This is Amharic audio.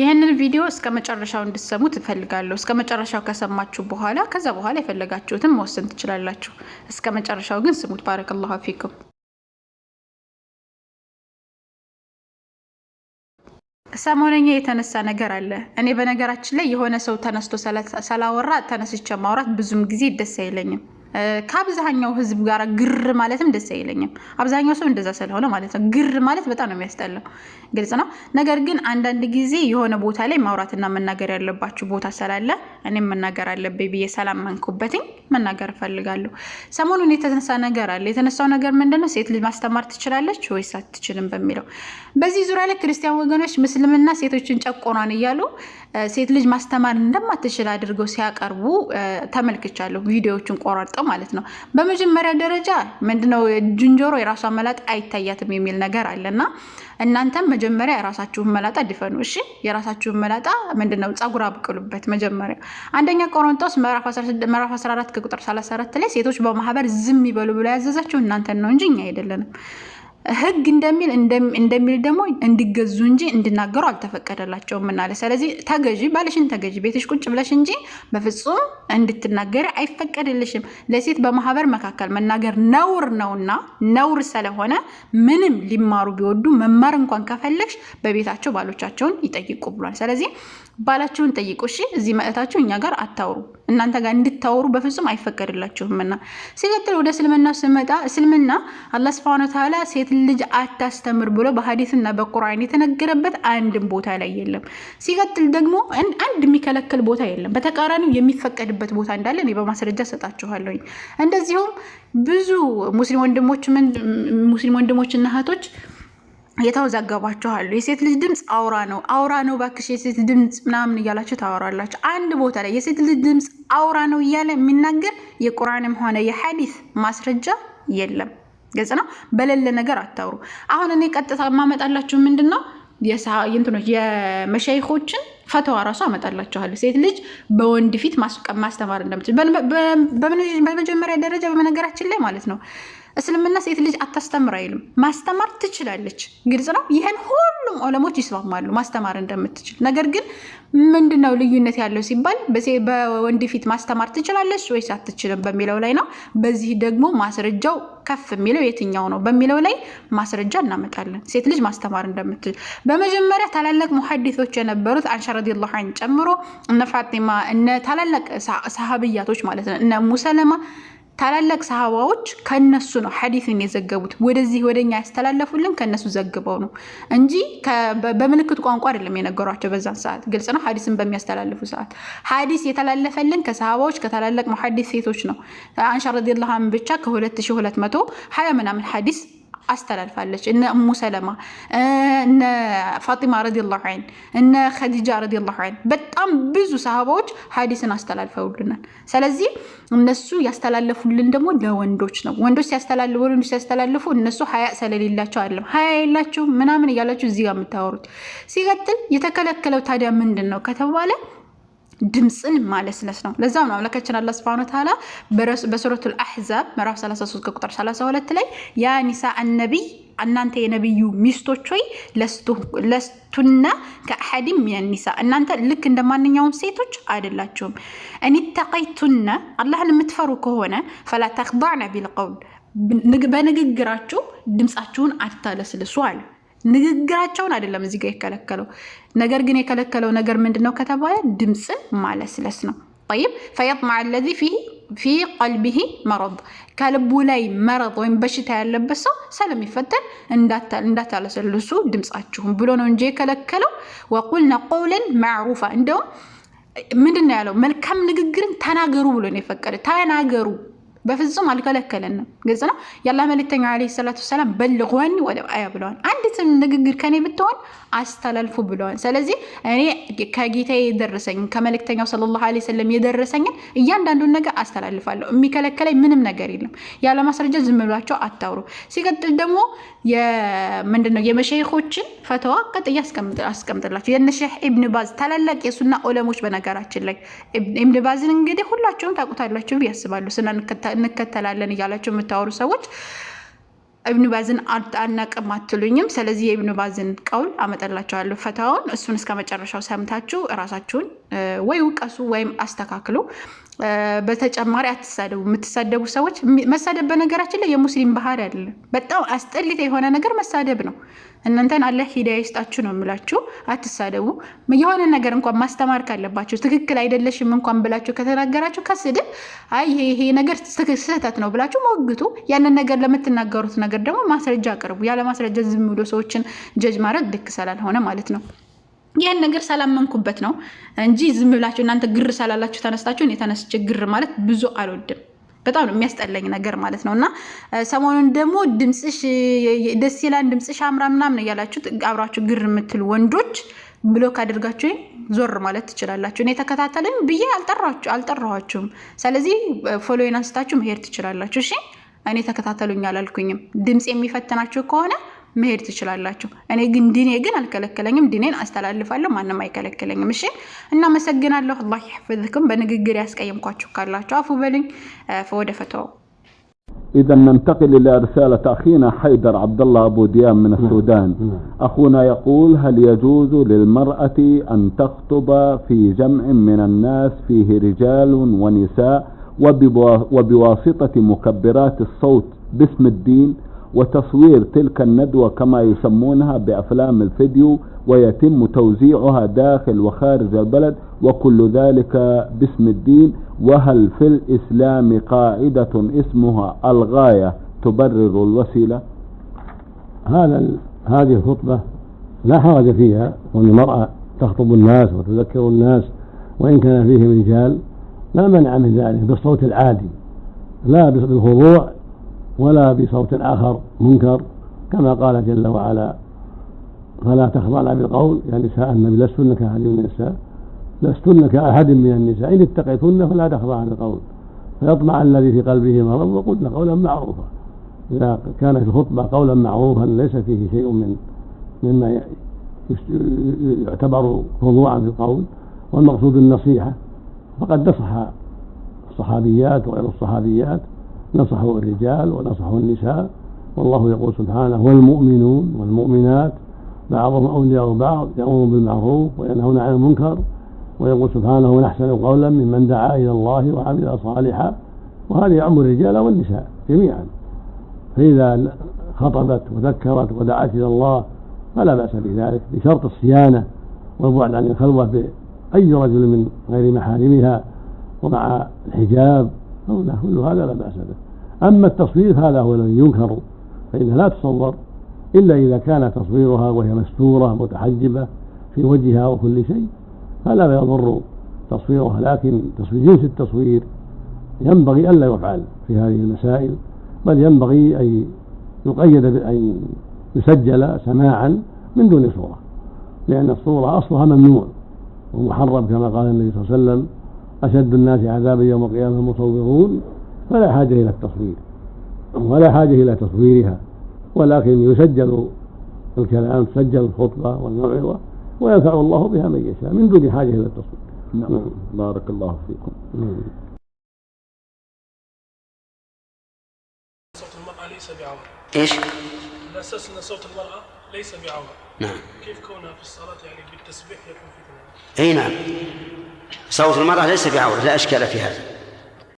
ይህንን ቪዲዮ እስከ መጨረሻው እንድትሰሙት እፈልጋለሁ። እስከ መጨረሻው ከሰማችሁ በኋላ ከዛ በኋላ የፈለጋችሁትን መወሰን ትችላላችሁ። እስከ መጨረሻው ግን ስሙት። ባረከላሁ ፊኩም። ሰሞነኛ የተነሳ ነገር አለ። እኔ በነገራችን ላይ የሆነ ሰው ተነስቶ ስላወራ ተነስቼ ማውራት ብዙም ጊዜ ደስ አይለኝም። ከአብዛኛው ህዝብ ጋር ግር ማለትም ደስ አይለኝም። አብዛኛው ሰው እንደዛ ስለሆነ ማለት ነው። ግር ማለት በጣም ነው የሚያስጠላው፣ ግልጽ ነው። ነገር ግን አንዳንድ ጊዜ የሆነ ቦታ ላይ ማውራትና መናገር ያለባችሁ ቦታ ስላለ እኔም መናገር አለብኝ ብዬ ሰላም መንኩበትኝ መናገር እፈልጋለሁ። ሰሞኑን የተነሳ ነገር አለ። የተነሳው ነገር ምንድነው? ሴት ልጅ ማስተማር ትችላለች ወይስ አትችልም በሚለው በዚህ ዙሪያ ላይ ክርስቲያን ወገኖች ምስልምና ሴቶችን ጨቆኗን እያሉ ሴት ልጅ ማስተማር እንደማትችል አድርገው ሲያቀርቡ ተመልክቻለሁ። ቪዲዮዎችን ቆራርጠው ማለት ነው። በመጀመሪያ ደረጃ ምንድነው ዝንጀሮ የራሷ መላጥ አይታያትም የሚል ነገር አለና እናንተም መጀመሪያ የራሳችሁን መላጣ ድፈኑ። እሺ የራሳችሁን መላጣ ምንድነው? ጸጉር አብቅሉበት መጀመሪያ አንደኛ ቆሮንቶስ ምዕራፍ 14 ቁጥር 34 ላይ ሴቶች በማህበር ዝም ይበሉ ብሎ ያዘዛቸው እናንተን ነው እንጂ እኛ አይደለንም። ህግ እንደሚል እንደሚል ደግሞ እንዲገዙ እንጂ እንዲናገሩ አልተፈቀደላቸውም እናለ። ስለዚህ ተገዢ ባልሽን ተገዢ ቤትሽ ቁጭ ብለሽ እንጂ በፍጹም እንድትናገሪ አይፈቀድልሽም። ለሴት በማህበር መካከል መናገር ነውር ነውና ነውር ስለሆነ ምንም ሊማሩ ቢወዱ መማር እንኳን ከፈለግሽ በቤታቸው ባሎቻቸውን ይጠይቁ ብሏል። ስለዚህ ባላችሁን ጠይቁ። እሺ፣ እዚህ መእታቸው እኛ ጋር አታውሩ። እናንተ ጋር እንድታወሩ በፍጹም አይፈቀድላችሁምና። ሲቀጥል ወደ እስልምና ስመጣ እስልምና አላህ ስብሃነ ወተዓላ ሴት ልጅ አታስተምር ብሎ በሀዲስና በቁርአን የተነገረበት አንድም ቦታ ላይ የለም። ሲቀጥል ደግሞ አንድ የሚከለክል ቦታ የለም። በተቃራኒው የሚፈቀድበት ቦታ እንዳለ እኔ በማስረጃ ሰጣችኋለሁኝ። እንደዚሁም ብዙ ሙስሊም ወንድሞች ሙስሊም ወንድሞችና እህቶች የተወዛገባችኋሉ። የሴት ልጅ ድምፅ አውራ ነው አውራ ነው ባክሽ የሴት ድምፅ ምናምን እያላችሁ ታወራላችሁ። አንድ ቦታ ላይ የሴት ልጅ ድምፅ አውራ ነው እያለ የሚናገር የቁርአንም ሆነ የሐዲስ ማስረጃ የለም። ግልጽ ነው። በሌለ ነገር አታውሩ። አሁን እኔ ቀጥታ የማመጣላችሁ ምንድን ነው የእንትኖች የመሻይኮችን ፈተዋ ራሱ አመጣላችኋለሁ። ሴት ልጅ በወንድ ፊት ማስተማር እንደምትችል በመጀመሪያ ደረጃ በመነገራችን ላይ ማለት ነው እስልምና ሴት ልጅ አታስተምር አይልም። ማስተማር ትችላለች። ግልጽ ነው። ይህን ሁሉም ዑለሞች ይስማማሉ ማስተማር እንደምትችል። ነገር ግን ምንድን ነው ልዩነት ያለው ሲባል በወንድ ፊት ማስተማር ትችላለች ወይስ አትችልም በሚለው ላይ ነው። በዚህ ደግሞ ማስረጃው ከፍ የሚለው የትኛው ነው በሚለው ላይ ማስረጃ እናመጣለን። ሴት ልጅ ማስተማር እንደምትችል በመጀመሪያ ታላላቅ ሙሐዲሶች የነበሩት አንሻ ረዲየላሁ አንሁ ጨምሮ እነ ፋጢማ እነ ታላላቅ ሰሃብያቶች ማለት ነው እነ ሙሰለማ ታላላቅ ሰሃባዎች ከነሱ ነው ሐዲስን የዘገቡት ወደዚህ ወደኛ ያስተላለፉልን ከነሱ ዘግበው ነው እንጂ በምልክት ቋንቋ አይደለም የነገሯቸው። በዛን ሰዓት ግልጽ ነው፣ ሐዲስን በሚያስተላልፉ ሰዓት ሐዲስ የተላለፈልን ከሰሃባዎች ከታላላቅ መሐዲስ ሴቶች ነው። አንሻ ረዲየላሁ ዐንሃ ብቻ ከ ሀያ ምናምን ሐዲስ አስተላልፋለች። እነ እሙ ሰለማ፣ እነ ፋጢማ ረዲላሁ ዐን፣ እነ ኸዲጃ ረዲላሁ ዐን በጣም ብዙ ሰሃባዎች ሀዲስን አስተላልፈውልናል። ስለዚህ እነሱ ያስተላለፉልን ደግሞ ለወንዶች ነው። ወንዶች ሲያስተላልፉ ወንዶች ሲያስተላልፉ እነሱ ሀያ ስለሌላቸው አይደለም። ሀያ የላቸው ምናምን እያላችሁ እዚህ ጋር የምታወሩት ሲቀጥል የተከለከለው ታዲያ ምንድን ነው ከተባለ ድምፅን ማለስለስ ነው። ለዛም ነው አምላካችን አላህ ሱብሐነሁ ወተዓላ በሱረቱል አሕዛብ ምዕራፍ 33 ቁጥር 32 ላይ ያ ኒሳ አነቢይ እናንተ የነቢዩ ሚስቶች ሆይ ለስቱና ከአሐዲም ሚነን ኒሳ እናንተ ልክ እንደ ማንኛውም ሴቶች አይደላችሁም። እኒተቀይቱና አላህን የምትፈሩ ከሆነ ፈላ ተኽዳዕነ ቢልቀውል በንግግራችሁ ድምፃችሁን አታለስልሱ አለ። ንግግራቸውን አይደለም እዚህ ጋር የከለከለው ነገር ግን የከለከለው ነገር ምንድን ነው ከተባለ ድምፅን ማለስለስ ነው። ይብ ፈየጥመዐ አለዚ ፊ ቀልቢሂ መረድ ከልቡ ላይ መረጥ ወይም በሽታ ያለበት ሰው ስለሚፈተን እንዳታለሰልሱ ድምፃችሁም ብሎ ነው እንጂ የከለከለው። ወቁልነ ቆውለን ማዕሩፋ እንደውም ምንድን ነው ያለው? መልካም ንግግርን ተናገሩ ብሎ ነው የፈቀደ። ተናገሩ በፍጹም አልከለከለንም። ግልጽ ነው። የአላህ መልክተኛ ዓለይሂ ሰላቱ ሰላም በልጓኒ ወደ አያ ብለዋል። አንዲትም ንግግር ከኔ ብትሆን አስተላልፉ ብለዋል። ስለዚህ እኔ ከጌታ የደረሰኝን ከመልክተኛው ሰለላሁ ዓለይሂ ሰለም የደረሰኝን እያንዳንዱን ነገር አስተላልፋለሁ። የሚከለከለኝ ምንም ነገር የለም። ያለማስረጃ ማስረጃ ዝም ብላቸው አታውሩ። ሲቀጥል ደግሞ ምንድን ነው የመሸይኮችን ፈተዋ ቀጥያ አስቀምጥላችሁ የነ ሼህ ኢብን ባዝ ታላላቅ የሱና ኦለሞች በነገራችን ላይ ኢብን ባዝን እንግዲህ ሁላችሁም ታውቁታላችሁ ብዬ አስባለሁ። ስና እንከተላለን እያላችሁ የምታወሩ ሰዎች እብኑ ባዝን አናቅም አትሉኝም። ስለዚህ የኢብኑ ባዝን ቀውል አመጠላቸዋለሁ ፈታውን። እሱን እስከ መጨረሻው ሰምታችሁ እራሳችሁን ወይ ውቀሱ ወይም አስተካክሉ። በተጨማሪ አትሳደቡ። የምትሳደቡ ሰዎች መሳደብ በነገራችን ላይ የሙስሊም ባህሪ አይደለም። በጣም አስጠሊት የሆነ ነገር መሳደብ ነው። እናንተን አላህ ሂዳያ ይስጣችሁ ነው የምላችሁ። አትሳደቡ። የሆነ ነገር እንኳን ማስተማር ካለባችሁ ትክክል አይደለሽም እንኳን ብላችሁ ከተናገራችሁ ከስድብ አይ ይሄ ነገር ስህተት ነው ብላችሁ ሞግቱ። ያንን ነገር ለምትናገሩት ነገር ደግሞ ማስረጃ አቅርቡ። ያለ ማስረጃ ዝም ብሎ ሰዎችን ጀጅ ማድረግ ልክ ስላልሆነ ማለት ነው። ይህን ነገር ስላመንኩበት ነው እንጂ ዝም ብላችሁ እናንተ ግር ስላላችሁ ተነስታችሁ እኔ ተነስቼ ግር ማለት ብዙ አልወድም። በጣም ነው የሚያስጠላኝ ነገር ማለት ነው። እና ሰሞኑን ደግሞ ድምፅሽ ደስ ይላል ድምፅሽ አምራ ምናምን እያላችሁ አብራችሁ ግር የምትሉ ወንዶች ብሎክ አድርጋችሁ ዞር ማለት ትችላላችሁ። እኔ ተከታተልን ብዬ አልጠራኋችሁም። ስለዚህ ፎሎዬን አንስታችሁ መሄድ ትችላላችሁ። እሺ እኔ ተከታተሉኝ አላልኩኝም። ድምፅ የሚፈትናችሁ ከሆነ መሄድ ትችላላችሁ። እኔ ግን ዲኔ ግን አልከለከለኝም። ዲኔን አስተላልፋለሁ። ማንም አይከለከለኝም። እሺ፣ እናመሰግናለሁ። አላህ ይሕፍዝክም። በንግግር ያስቀየምኳችሁ ካላችሁ አፉ በልኝ። ወደ ፈተዋው إذا ننتقل إلى رسالة أخينا حيدر عبد الله أبو ديان من السودان أخونا يقول هل يجوز للمرأة أن تخطب في جمع من الناس فيه رجال ونساء وبواسطة مكبرات الصوت باسم الدين وتصوير تلك الندوة كما يسمونها بأفلام الفيديو ويتم توزيعها داخل وخارج البلد وكل ذلك باسم الدين وهل في الإسلام قاعدة اسمها الغاية تبرر الوسيلة هذا هذه الخطبة لا حرج فيها وأن المرأة تخطب الناس وتذكر الناس وإن كان فيهم رجال لا منع من ذلك بالصوت العادي لا بالخضوع ولا بصوت آخر منكر كما قال جل وعلا فلا تخضعن بالقول يا يعني نساء النبي لستن كأحد من النساء لستن كأحد من النساء إن اتقيتن فلا تخضعن بالقول فيطمع الذي في قلبه مرض وقلن قولا معروفا إذا كان في الخطبة قولا معروفا ليس فيه شيء من مما يعتبر خضوعا في القول والمقصود النصيحة فقد نصح الصحابيات وغير الصحابيات نصحوا الرجال ونصحوا النساء والله يقول سبحانه والمؤمنون والمؤمنات بعضهم أولياء بعض يأمرون بالمعروف وينهون عن المنكر ويقول سبحانه من احسن قولا ممن دعا إلى الله وعمل صالحا وهذا يعم الرجال والنساء جميعا فإذا خطبت وذكرت ودعت إلى الله فلا بأس بذلك بشرط الصيانة والبعد عن الخلوة بأي رجل من غير محارمها ومع الحجاب أو لا كل هذا لا بأس به أما التصوير هذا هو الذي ينكر فإنها لا تصور إلا إذا كان تصويرها وهي مستورة متحجبة في وجهها وكل شيء فلا يضر تصويرها لكن تصوير جنس التصوير ينبغي ألا يفعل في هذه المسائل بل ينبغي أن يقيد أن يسجل سماعا من دون صورة لأن الصورة أصلها ممنوع ومحرم كما قال النبي صلى الله عليه وسلم أشد الناس عذابا يوم القيامة المصورون فلا حاجة إلى التصوير ولا حاجة إلى تصويرها ولكن يسجل الكلام تسجل الخطبة والموعظة وينفع الله بها من يشاء من دون حاجة إلى التصوير نعم. نعم. بارك الله فيكم نعم. صوت المرأة ليس بعورة ايش؟ الأساس أن صوت المرأة ليس بعورة نعم كيف كونها في الصلاة يعني بالتسبيح يكون فتنة؟ أي نعم صوت المرأة ليس بعورة لا أشكال في هذا